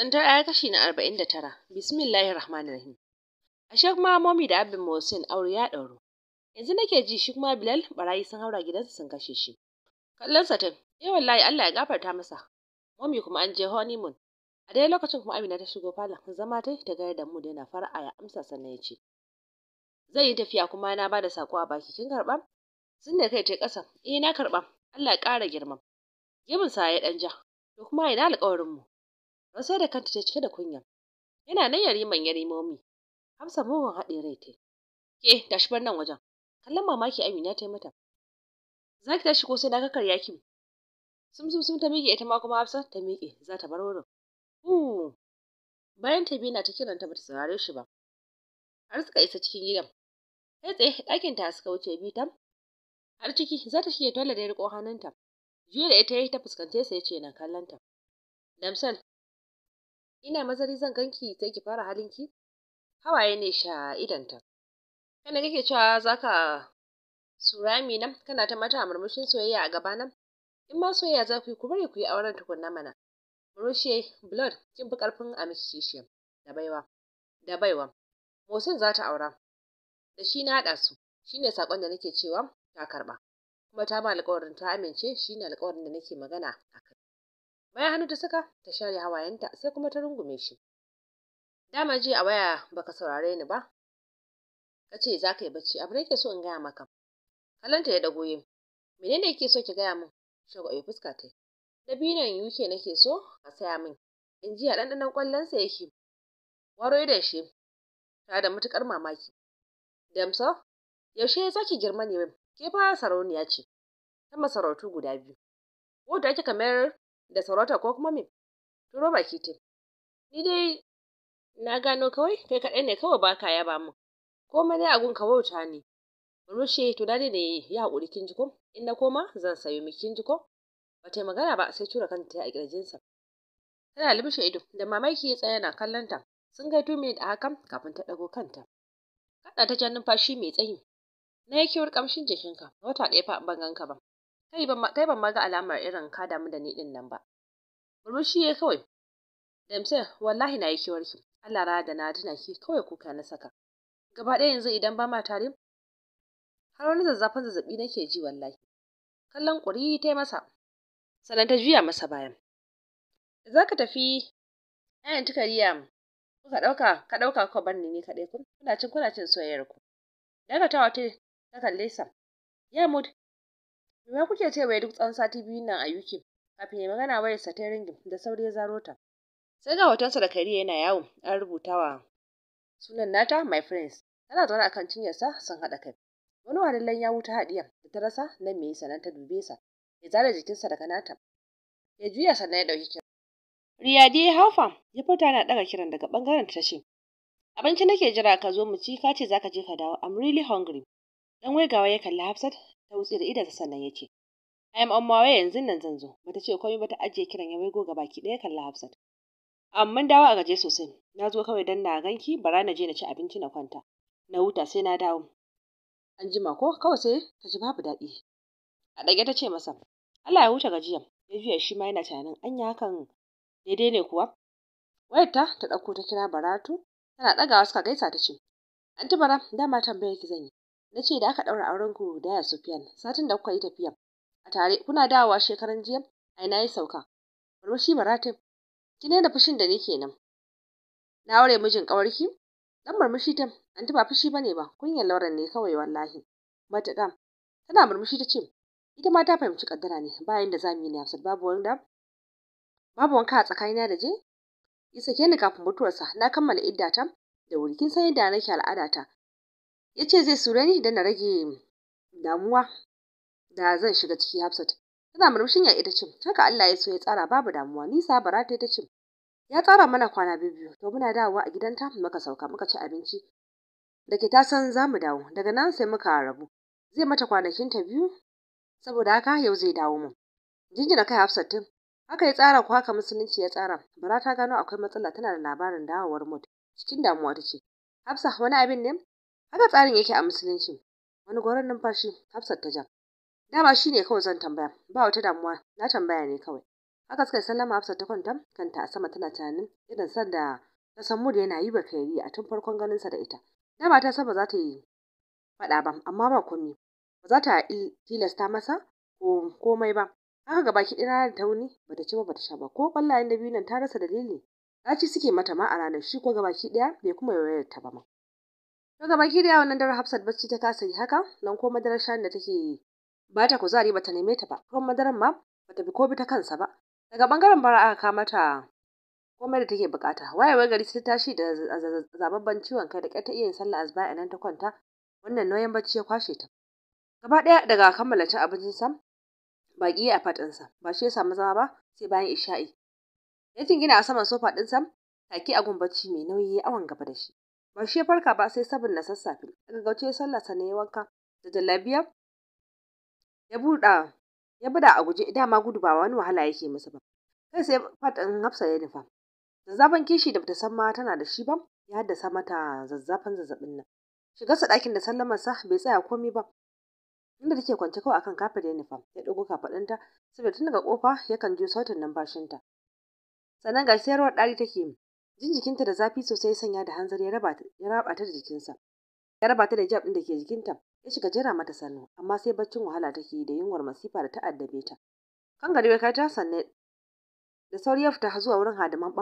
Tsantar ayar kashi na arba'in da tara. Bismillahir Rahmanir Rahim. Ashe ma momi da abin mosin aure ya ɗauro. Yanzu nake ji shi kuma Bilal barayi sun haura gidansa sun kashe shi. Kallon sa tun, eh wallahi Allah ya gafarta masa. Momi kuma an je honeymoon. A dai lokacin kuma Amina ta shigo falon zama ta ta gaya da mu da yana fara ya amsa sannan ya ce. Zai yi tafiya kuma na bada sako a baki kin karɓa? Sun da kai ta ƙasa, eh na karɓa. Allah ya ƙara girma. Gibinsa ya ɗan ja, to kuma ina alƙawarin mu. sai da kanta ta cike da kunya yana nan yari man yari momi Hamsa mugun haɗe rai ta ke tashi bar nan wajen kallon mamaki Amina ta yi mata za ki tashi ko sai na kakar yakin sum sum sum ta miƙe ita ma kuma Hafsa ta miƙe za ta bar wurin uh bayan ta bina ta kiranta bata saurare shi ba har suka isa cikin gidan sai tsaye ɗakin ta suka wuce bi tam har ciki za ta shige tola da riƙo hannunta juya da ita ya ta fuskance sa ya na kallon ta Damsel ina mazari zan ganki sai ki fara halinki hawaye ne sha idanta kana kake cewa zaka surami na kana ta mata murmushin soyayya a gaba nan? in ma soyayya za ku yi ku bari ku yi auren tukunna mana murushe blood kin fi karfin amishishiya da baiwa da baiwa Mosin za ta aura da shi na haɗa su shine sakon da nake cewa ta karɓa kuma ta ba alƙawarin ta amince shi shine alƙawarin da nake magana akan bayan hannu ta saka ta share hawayenta sai kuma ta rungume shi dama ji a waya baka saurare ni ba ka ce za ka yi bacci abu da ke so in gaya maka kalanta ya dagoye menene yake so ki gaya min Shago shagwabe fuska ta dabinan uk nake so a saya min in ji a ɗanɗanon ƙwallonsa yake waro da shi ta da matuƙar mamaki damsa yaushe za ki girma ne ke fa sarauniya ce ta masarautu guda biyu wadda kika mayar da sarauta ko kuma me turo baki te ni dai na gano kawai kai kaɗai ne kawai baka yaba Ko komai dai agun ka wauta ne rushe to dade ne ya haƙuri kin ji ko in na koma zan sayo miki kin ji ko ba ta magana ba sai tura kanta a kirjinsa tana lubushe ido da mamaki ya tsaya na kallon sun kai two da a hakan kafin ta ɗago kanta kaɗa ta jan numfashi mai tsayi na yake kamshin jikinka wata ɗaya fa ban ganka ba kai ban ma ga alamar irin ka damu da ni din nan ba murmushi ya kawai damsel wallahi na yi warki Allah ra da na tuna ki kawai kuka na saka gaba ɗaya yanzu idan ba ma tare har wani zazzafin zazzabi nake ji wallahi kallon ƙuri ta yi masa sannan ta juya masa bayan da za ka tafi ayan tukariya kuka ɗauka ka ɗauka kuka bar ni ne kaɗai kuna cin kuna cin soyayyar ku ka ta ta kalle sa ya mud To kuke ce wai duk tsan sati biyu nan a UK? Kafin ya magana wayarsa ta ringin da sauri ya zaro ta. Sai ga hotonsa da kariya yana yawo an rubuta wa sunan nata my friends. Tana zaune akan cinyarsa sun haɗa kai. Wani wadallan ya wuta haɗiya da ta rasa nan me nan ta dube sa. Ya zara jikinsa daga nata. Ya juya sannan ya ɗauki kira? Riyadi Haufa ya furta yana ɗaga kiran daga ɓangaren ta ce. Abinci nake jira ka zo mu ci ka ce za ka je ka dawo. I'm really hungry. Dan wai waigawa ya kalli Hafsat ta wutsi da idansa sannan ya ce am on yanzu nan zan zo bata ce komai ba ta ajiye kiran ya waigo ga baki ɗaya kalla Hafsat amma dawo a gaje sosai na zo kawai dan na ganki bara na je na ci abinci na kwanta na huta sai na dawo an jima ko kawai sai ta ji babu daɗi a ɗage ta ce masa Allah ya huta gajiya ya juya shi ma yana tunanin anya hakan daidai ne kuwa wayarta ta ɗauko ta kira Baratu tana ɗagawa suka gaisa ta ce anti bara dama tambaye ki zan yi Na ce da aka ɗaura auren ku da ya Sufiyan satin da kuka yi tafiya a tare kuna dawowa shekaran jiya a ina ya sauka. Barbashi Baratin ki da fushin da ni nan? Na aure mijin ƙawarki? Dan murmushi ta anti ba fushi bane ba kunyar Lauren ne kawai wallahi. Matuƙa tana murmushi ta ce ita ma ta fahimci kaddara ne bayan da zamu yi ne Hafsat babu wanda babu wanka a tsakanina da je. Ki sake ni kafin mutuwarsa na kammala iddata da wuri kin san yadda nake al'adata ya ce zai sura ni don na rage damuwa da zan shiga ciki Hafsat. Tana murmushin ya ita ce, haka Allah ya so ya tsara babu damuwa, nisa barata ta ce, ya tsara mana kwana biyu to muna dawowa a gidanta muka sauka muka ci abinci. Da ke ta san za mu dawo, daga nan sai muka rabu. Zai mata kwanakin ta biyu, saboda haka yau zai dawo mu. Jinjina kai Hafsat tin haka ya tsara ko haka musulunci ya tsara, barata gano akwai matsala tana da labarin dawowar mut. Cikin damuwa ta ce, Hafsa wani abin ne? Haka tsarin yake a musulunci. Wani goron numfashi Hafsat ta Dama shi ne kawai zan tambaya, ba wata damuwa, na tambaya ne kawai. Haka suka yi sallama Hafsat ta kwanta kanta a sama tana tunanin irin sanda ta san da yana yi kairi a tun farkon ganinsa da ita. Dama ta san ba za ta yi faɗa ba, amma ba komai. Ba za ta tilasta masa ko komai ba. Haka gaba ki ɗaya ta wuni ba ta ci ba ba ta sha ba ko ƙwallayen da biyu nan ta rasa dalili. Ɗaci suke mata ma a ranar shi ko gaba ki ɗaya bai kuma yawayar ta ba ma. to gaba ki da wannan dare Hafsat bacci ta kasa yi haka nan ko madarar shan da take ba ta kuzari ba ta neme ta ba kuma madarar ma ba ta bi ko bi ta kansa ba daga bangaren bara aka kama ta komai da take bukata wayewar gari sai tashi da zababban ciwon kai da ƙyar ta iya yin sallah azba a nan ta kwanta wannan noyan bacci ya kwashe ta gaba ɗaya daga kammala cin abincin sam baki a sa, ba shi ya samu zama ba sai bayan isha'i ya gina a saman sofa din sam take a bacci mai nauyi ya awon gaba da shi ba farka ba sai sabin na sassafe daga gauce ya sallasa ne wanka da jallabiya ya buɗa ya bada a guje dama gudu ba wani wahala yake masa ba kai sai faɗin hafsa ya nufa zazzafan kishi da bata san ma tana da shi ba ya haddasa mata zazzafan zazzabin nan shiga sa ɗakin da sa bai tsaya komai ba inda take kwance kawai akan kafin ya nufa ya ɗago kafaɗinta saboda tun daga ƙofa yakan ji sautin numfashinta sannan ga sayarwar ɗari take jin jikinta da zafi sosai sanya da hanzari ya raba ta da jikinsa ya raba ta da jab ɗin da ke jikinta ya shiga jira mata sannu amma sai baccin wahala take yi da yunwar masifa da ta addabe ta kan gari kai ta sanne da sauri ya fita zuwa wurin hadaman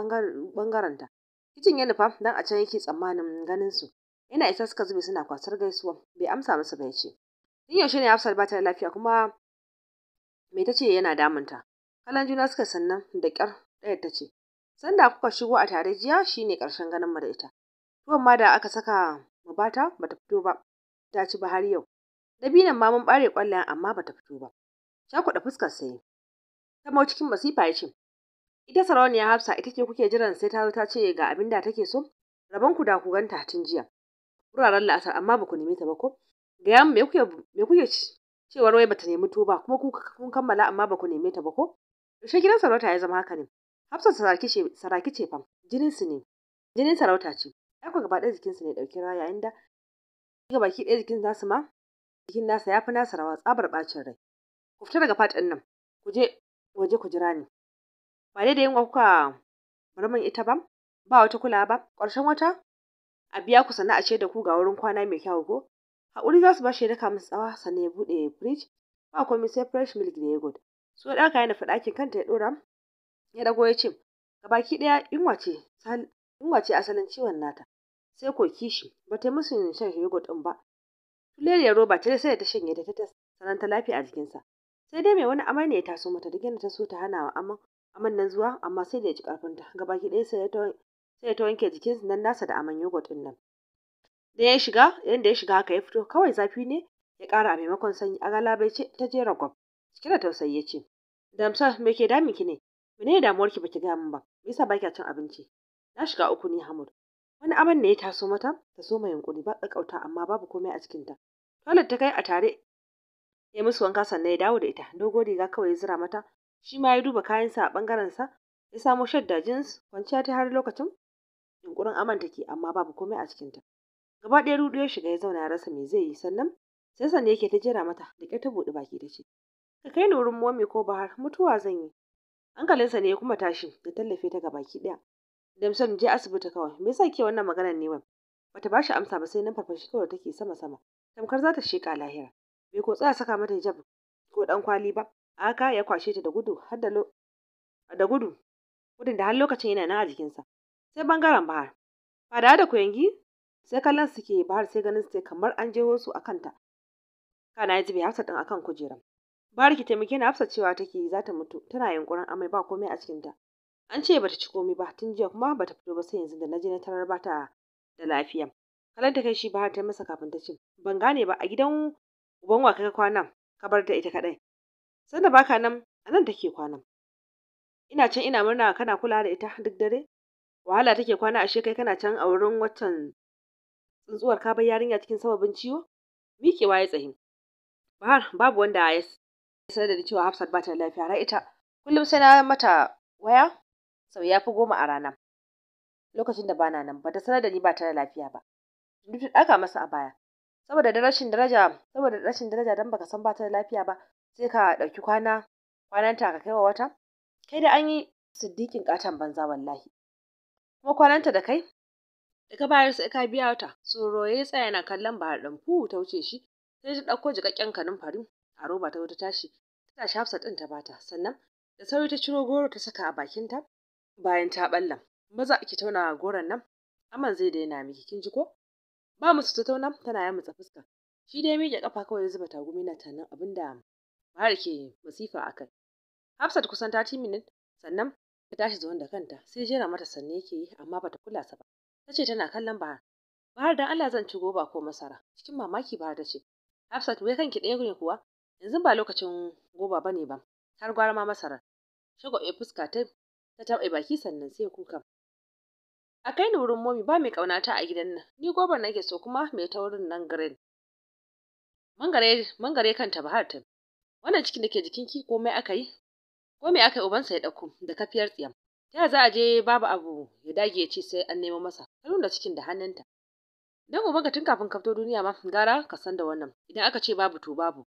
bangaren ta kicin ya nufa dan a can yake tsammanin ganin su yana isa suka zube suna kwasar gaisuwa bai amsa musu ba ce tun yaushe ne Hafsat ba ta lafiya kuma me ta ce yana damunta kalan juna suka sannan da kyar ɗaya ta ce Sanda kuka shigo a tare jiya shi ne ƙarshen ganin mu da ita. Tuwon ma da aka saka mu bata bata fito ba, ta ci ba har yau. Dabinan ma mun bare ƙwallayen amma bata fito ba. Cakuɗa fuskar sai. mau cikin masifa ya ce, Ita sarauniya Hafsa ita ce kuke jiran sai ta zo ta ce ga abin da take so, rabon ku da ku ganta tun jiya. Wuraren la'asar amma ba ku nemi ta ba ko? Gaya mu me kuke cewar wai bata nemi to ba kuma kun kammala amma ba ku neme ta ba ko? Yaushe gidan sarauta ya zama haka ne? Hafsat saraki ce fam jinin su ne jinin sarauta ce ai ku gaba ɗaya jikin su ne ɗauki raya yayin da ga baki ɗaya jikin nasu ma jikin nasa ya fi nasa rawa tsabar ɓacin rai ku fita daga fatin nan ku je waje ku jira ni ba dai da yin kuka murmin ita ba ba wata kulawa ba ƙarshen wata a biya ku sannan a ce da ku ga wurin kwana mai kyau ko haƙuri za su ba shi daka musu tsawa sannan ya buɗe firij ba komai sai fresh milk da yogurt so ɗaka yana faɗakin kanta ya ɗora ya dago ya ce gabaki ɗaya yunwa ce ce asalin ciwon nata sai ko kishi ba ta musu shan yogurt ɗin ba ya roba ta sai ta shanye ta ta sananta lafiya a jikinsa sai dai mai wani amai ne ya taso mata duk yadda ta so ta hana wa aman aman nan zuwa amma sai da ya ji ƙarfinta gabaki ɗaya sai ya ta wanke jikin nan nasa da aman yogurt ɗin nan da ya shiga yadda ya shiga haka ya fito kawai zafi ne ya ƙara a maimakon sanyi Agala bai ce ta jera gwam cike da tausayi ya ce damsar me ke damin ki ne Mene damuwar ki baki gaya min ba? Me yasa ba kya cin abinci? Na shiga uku ne Hamud. Wani aban ne ya taso mata ta so mai yunkuri ba ƙaƙƙauta amma babu komai a cikinta. Toilet ta kai a tare ya musu wanka sannan ya dawo da ita. Dogo riga kawai ya zira mata. Shi ma ya duba kayan sa a bangaren sa ya samo shadda jeans kwanciya ta har lokacin yunkurin amanta ke, amma babu komai a cikinta. Gaba ɗaya rudu ya shiga ya zauna ya rasa me zai yi sannan sai sannan yake ta jera mata da ƙyar ta buɗe baki ta ce. Ka kai ni wurin momi ko bahar mutuwa zan yi. hankalinsa ne ya kuma tashi da tallafe ta ga baki ɗaya misali je asibiti kawai me yasa ke wannan maganar ne Bata bata shi amsa ba sai nan farfashi kawai take sama sama tamkar za ta sheka lahira bai ko tsaya saka mata hijab ko dan kwali ba haka ya kwashe ta da gudu har da da gudu gudun da har lokacin yana nan a jikinsa sai bangaren bahar fada da kuyangi sai kallon suke bahar sai ganin su kamar an jeho su a kanta kana ya zube hafsa din akan kujeran bariki taimake ni hafsa cewa take za ta mutu tana yunkurin amai ba komai a cikin ta an ce bata ci komai ba tun jiya kuma bata fito ba sai yanzu da na je na tarar bata da lafiya Kalan ta kai shi ba ta masa kafin ta ce ban gane ba a gidan uban wa kaka kwana ka bar ta ita kadai sanda baka nan anan nan take kwana ina can ina murna kana kula da ita duk dare wahala take kwana ashe kai kana can a wurin watan tsuntsuwar ka bar yarinya cikin sababin ciwo miƙewa ya tsahi bahar babu wanda ya sanar da cewa Hafsat ba ta da lafiya na ita kullum sai na mata waya sau ya fi goma a rana lokacin da bana nan ba ta sanar da ni ba ta da lafiya ba duk da aka masa a baya saboda da rashin daraja saboda rashin daraja dan baka san ba ta da lafiya ba sai ka ɗauki kwana kwananta ka kai wa wata kai da an yi siddiqin ƙaton banza wallahi kuma kwananta da kai daga bayar sai ka biya wata tsoro ya tsaya yana kallon ba dan fu ta wuce shi sai ta dauko jikakken kanin fari a roba ta wata tashi ta tashi hafsa ɗin ta bata sannan da sauri ta ciro goro ta saka a bakinta bayan ta balla maza ki tauna goron nan aman zai daina miki kin ji ko ba musu ta tauna tana yamutsa fuska shi dai miƙe kafa kawai ya zuba tagumi na tanan abinda da Bahar ke masifa a kai Hafsat kusan ta minit sannan ta tashi zuwan da kanta sai jera mata sanne yake yi amma bata kula sa ba tace tana kallon Bahar Bahar dan Allah zan ci goba ko masara cikin mamaki Bahar ta ce Hafsat wai kanki ɗaya ne kuwa yanzu ba lokacin goba ne ba har gwara ma masarar ya fuska ta ta taɓa baki sannan sai kuka a kai ni wurin momi ba mai ƙaunata a gidan nan ni na nake so kuma mai taurin nan garin mangare mangare kanta ba ta wannan cikin da ke ko komai aka yi komai aka yi ubansa ya ɗauko da kafiyar tsiyam ta za a je babu abu ya dage ya ce sai an nemo masa ta nuna cikin da hannunta dan ka tun kafin ka fito duniya ma gara ka san da wannan idan aka ce babu to babu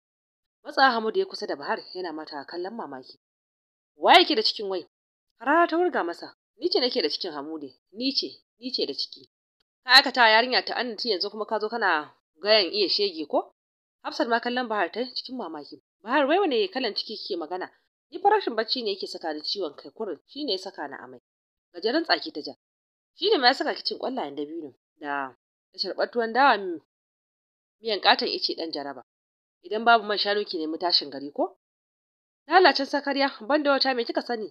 matsa Hamadu ya kusa da Bahar yana mata kallon mamaki wa yake da cikin wai Rara ta wurga masa ni ce nake da cikin Hamude ni ce ni ce da ciki ka aikata yarinya ta annati yanzu kuma ka zo kana gayan iya shege ko Hafsat ma kallon Bahar ta cikin mamaki Bahar wai wane kalan ciki kike magana ni farashin bacci ne yake saka da ciwon kai kurin shine ya saka na amai gajeren tsaki ta ja shine ma ya saka kicin kwallayen dabino da da sharbatuwan dawa miyan katon ice dan jaraba idan babu man shanu ki nemi tashin gari ko lalacin sakarya banda wata mai kika sani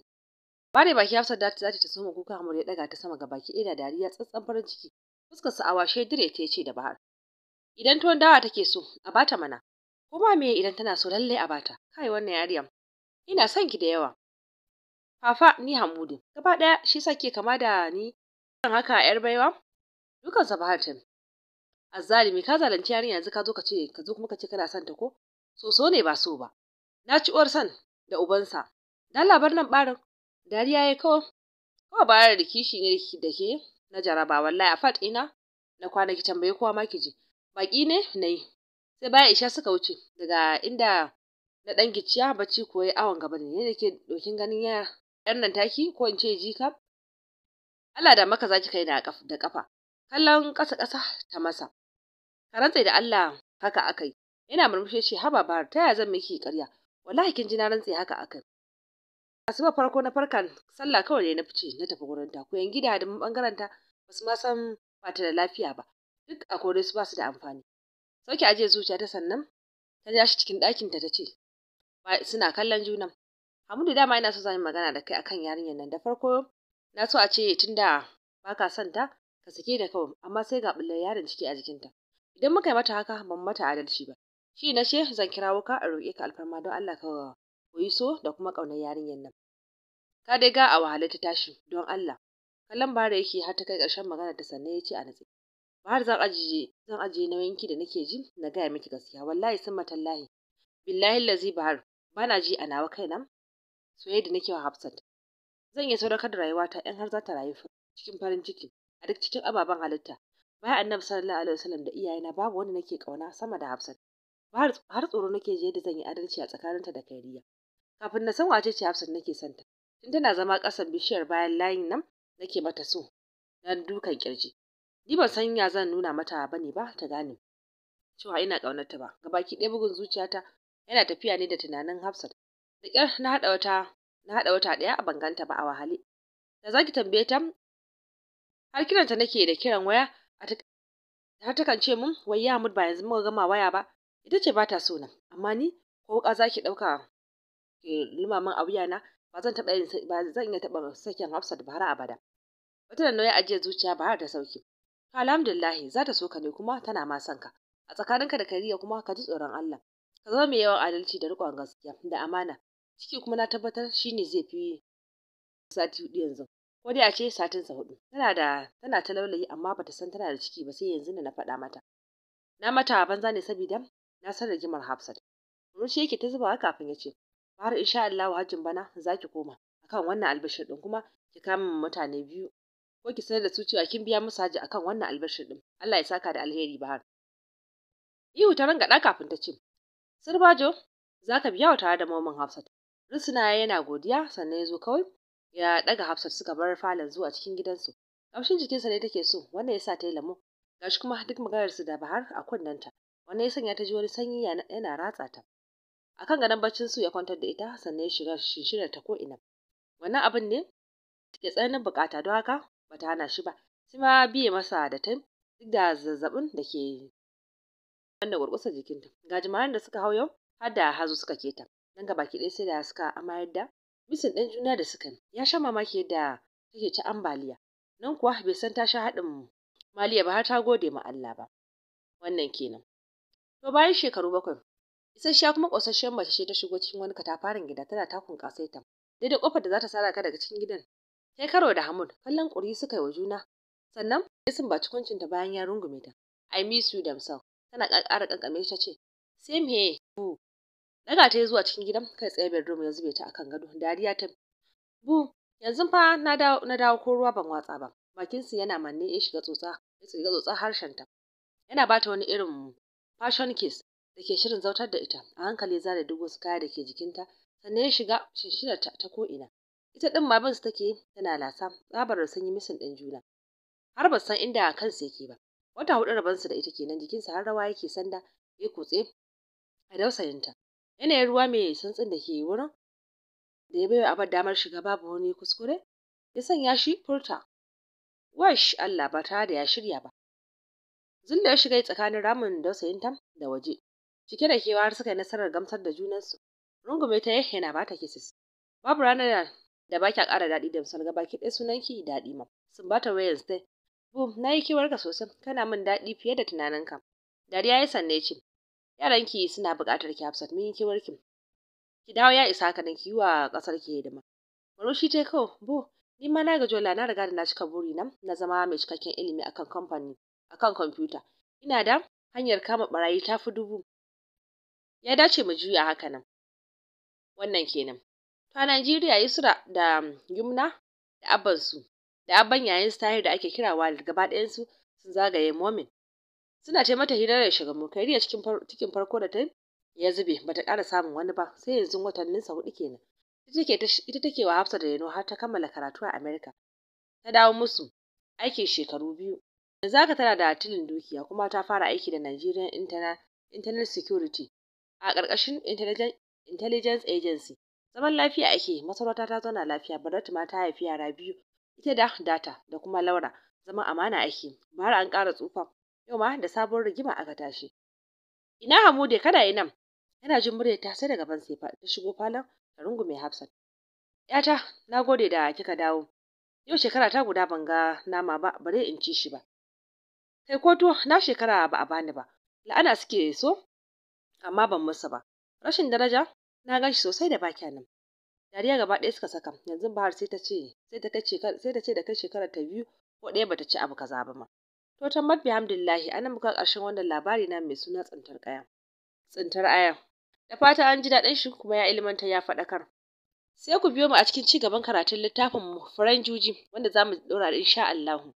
bare baki Hafsat da ta ta soma kuka Amur ya daga ta sama ga baki ina dariya tsatsan farin ciki fuskar sa awashe dire ta ce da Bahar idan tuwon dawa take so a bata mana kuma me idan tana so lalle a bata kai wannan yariyan ina son ki da yawa Fafa ni hamudi gaba daya shi sake kama da ni kan haka yar baiwa dukan sa Bahar azzalimi ka zalunci yarinya yanzu ka zo ka ce ka zo kuma ka ce kana son ta ko so so ne ba so ba na ci uwar san da ubansa dan labar nan barin dariya ya kawo kawai bayar da kishi ne da ke na jaraba wallahi a fat ina na kwana, ki tambaye kowa ma ki je baki ne nayi sai baya isha suka wuce daga inda na dan giciya bacci ko awon gaba ne yake dokin ganin ya yan nan taki ko in ce jika Allah da maka zaki kai da kafa kallon ƙasa ƙasa ta masa ka rantse da Allah haka akai Ina murmushi ce haba bar ta zan miki ƙarya wallahi kin ji na rantse haka akai asuba farko na farkan sallah kawai ne na fice na tafi gurin ta yan gida da bangaren ta basu ma san bata da lafiya ba duk a kore su basu da amfani sauki aje zuciya ta sannan ta ja shi cikin ɗakin ta ce suna kallon juna Hamudu dama yana so zan magana da kai akan yarinyar nan da farko na so a ce tunda baka son ta ka sake da kawai amma sai ga bullar yaron ciki a jikinta idan muka yi mata haka ban mata adalci ba shi na ce zan kira ka a roƙe ka alfarma don Allah ka koyi so da kuma ƙaunar yarinyar nan ka dai ga a wahale ta tashi don Allah kallon bahar yake har ta kai ƙarshen magana ta sannan ya ce a natsi har zan ajiye zan ajiye nauyinki da nake ji na gaya miki gaskiya wallahi sun matallahi billahi lazi bahar bana ji a nawa kaina soyayya da nake wa Hafsat zan iya sadaukar da rayuwata in har za ta rayu cikin farin ciki a duk cikin ababen halitta bayan annabi sallallahu alaihi wasallam da iyayena babu wanda nake kauna sama da Hafsat har tsoro nake je da zan yi adalci a tsakaninta da Kariya kafin na san wace ce Hafsat nake santa tun tana zama kasan bishiyar bayan layin nan nake mata so dan dukan kirji ni ban san ya zan nuna mata bane ba ta gane cewa ina kaunarta ba gabaki ɗaya bugun zuciyata yana tafiya ne da tunanin Hafsat da na haɗa wata na haɗa wata ɗaya a banganta ba a wahale da zaki tambaye ta har kiranta nake da kiran waya har takan ce mun wai ya ba yanzu muka gama waya ba ita ce ba ta so na amma ni ko wuka za ki ɗauka limamin a wuya na ba zan taɓa ba zan iya taba sakin Hafsat ba har abada wata da nauyi ajiye zuciya ba har da sauki to alhamdulillahi za ta so ka ne kuma tana ma son ka a tsakaninka da kariya kuma ka ji tsoron Allah ka zama mai yawan adalci da riƙon gaskiya da amana ciki kuma na tabbatar shine zai fi sati hudu yanzu ko dai a ce sa hudu tana da tana ta laulayi amma bata san tana da ciki ba sai yanzu na faɗa mata na mata banza ne saboda na san rigimar Hafsat Rushi yake ta zubawa kafin ya ce har insha Allah hajjin bana zaki koma akan wannan albashir din kuma ki kama mutane biyu ko ki sanar da su cewa kin biya musu haji akan wannan albashir din Allah ya saka da alheri ba har ihu ta rangada kafin ta ce sirbajo zaka biya wa tare da momin Hafsat Rusuna yana godiya sannan ya zo kawai ya daga Hafsat suka bar falon zuwa cikin gidansu. Kamshin jikinsa ne take so, Wannan ya sa ta yi lamo. Gashi kuma duk maganar su da Bahar a kunnenta. Wannan ya sanya ta ji wani sanyi yana ratsa ta. Akan ganin baccin su ya kwantar da ita sannan ya shiga shinshirar ta ko ina. Wannan abin ne ke tsananin bukata don haka bata hana shi ba. Sai ma biye masa da ta duk da zazzabin da ke yi wanda gurgusa jikinta. Ga da suka hau yau har da hazo suka keta. Nan gaba ki ɗaya sai da suka amayar da misin ɗan juna da suka ya sha mamaki yadda take ta ambaliya nan kuwa bai san ta sha haɗin maliya ba har ta gode ma Allah ba wannan kenan to bayan shekaru bakwai isasshiya kuma ƙosasshen mace ce ta shigo cikin wani katafaren gida tana takun kasaita daidai kofar da za ta sara ka daga cikin gidan sai karo da Hamud kallon ƙuri suka yi wa juna sannan ya ba kuncinta bayan ya rungume ta I miss you damsel. tana ƙara ƙanƙame ta ce same here daga ta zuwa cikin gidan kai tsaye bedroom ya zube ta akan gado dariya ta bu yanzu fa na dawo na dawo ko ruwa ban watsa ba bakin su yana manne ya shiga tsotsa ya shiga tsotsa harshen ta yana ba ta wani irin fashion kiss da ke shirin zautar da ita a hankali zare duk wasu kaya da ke jikinta sannan ya shiga shinshinar ta ta ko'ina ita ɗin mabin su take tana lasa tsabar sun yi misin ɗin juna har ba san inda kansu yake ba wata hudu rabansu da ita kenan jikinsa har rawa yake sanda ya kutse a dausayin ta Yanayin ruwa mai tsuntsun da ke wurin da ya wa abar damar shiga babu wani kuskure ya sanya shi furta wash Allah ba tare da ya shirya ba. Zulla ya shiga tsakanin ramin dausayinta da waje cike da kewa har suka yi nasarar gamsar da junansu. Rungume ta yake ba bata kisis. Babu rana da baki a ƙara daɗi da gaba baki sunan sunanki daɗi ma. Sun bata wayan stay. bu na yi ka sosai kana min daɗi fiye da tunaninka. Dariya ya sanne ce Yaran yaranki suna buƙatar ki Hafsat mun yi warki ki dawo ya isa ka ki yi wa ƙasar ki hidima Marushi ta ko, bo ni ma na jola na riga da na cika buri na na zama mai cikakken ilimi akan kamfani akan kwamfuta ina da hanyar kama barayi ta fi dubu ya dace mu juya haka nan wannan kenan to a Najeriya Isra da Yumna da abansu, da abban yayin style da ake kirawa Walid gaba ɗayan su sun zagaye Momin suna ce mata hirar ya shiga mu cikin farko da ta ya zube bata ƙara samun wani ba sai yanzu watannin sa hudu kenan ita take wa Hafsa da Reno har ta kammala karatu a America ta dawo musu aikin shekaru biyu yanzu haka tana da atilin dukiya kuma ta fara aiki da Nigerian Internet Security a ƙarƙashin Intelligence Agency zaman lafiya ake masarauta ta zauna lafiya barat ma ta haifi yara biyu ita da data da kuma Laura zaman amana ake har an ƙara tsufa yau ma da sabon rigima aka tashi ina hamude kana ina yana jin murya ta sai daga ban sefa ta shigo falon ta rungume hafsat yata na gode da kika dawo yau shekara ta guda ban ga nama ba bare in ci shi ba kai ko na shekara ba a bani ba la'ana suke so amma ban musu ba rashin daraja na ganshi sosai da baki nan dariya gaba ɗaya suka saka yanzu bahar sai ta ce ta sai ta ce da kai shekara ta biyu ko ɗaya bata ci abu kaza ba ma To tammat bihamdillahi anan muka ƙarshen wannan labari na mai suna tsintar ƙaya. Tsintar aya. Da fata an ji daɗin shi kuma ya ilimanta ya faɗakar. Sai ku biyo mu a cikin ci gaban karatun littafin mu furen juji wanda za mu ɗora insha Allahu.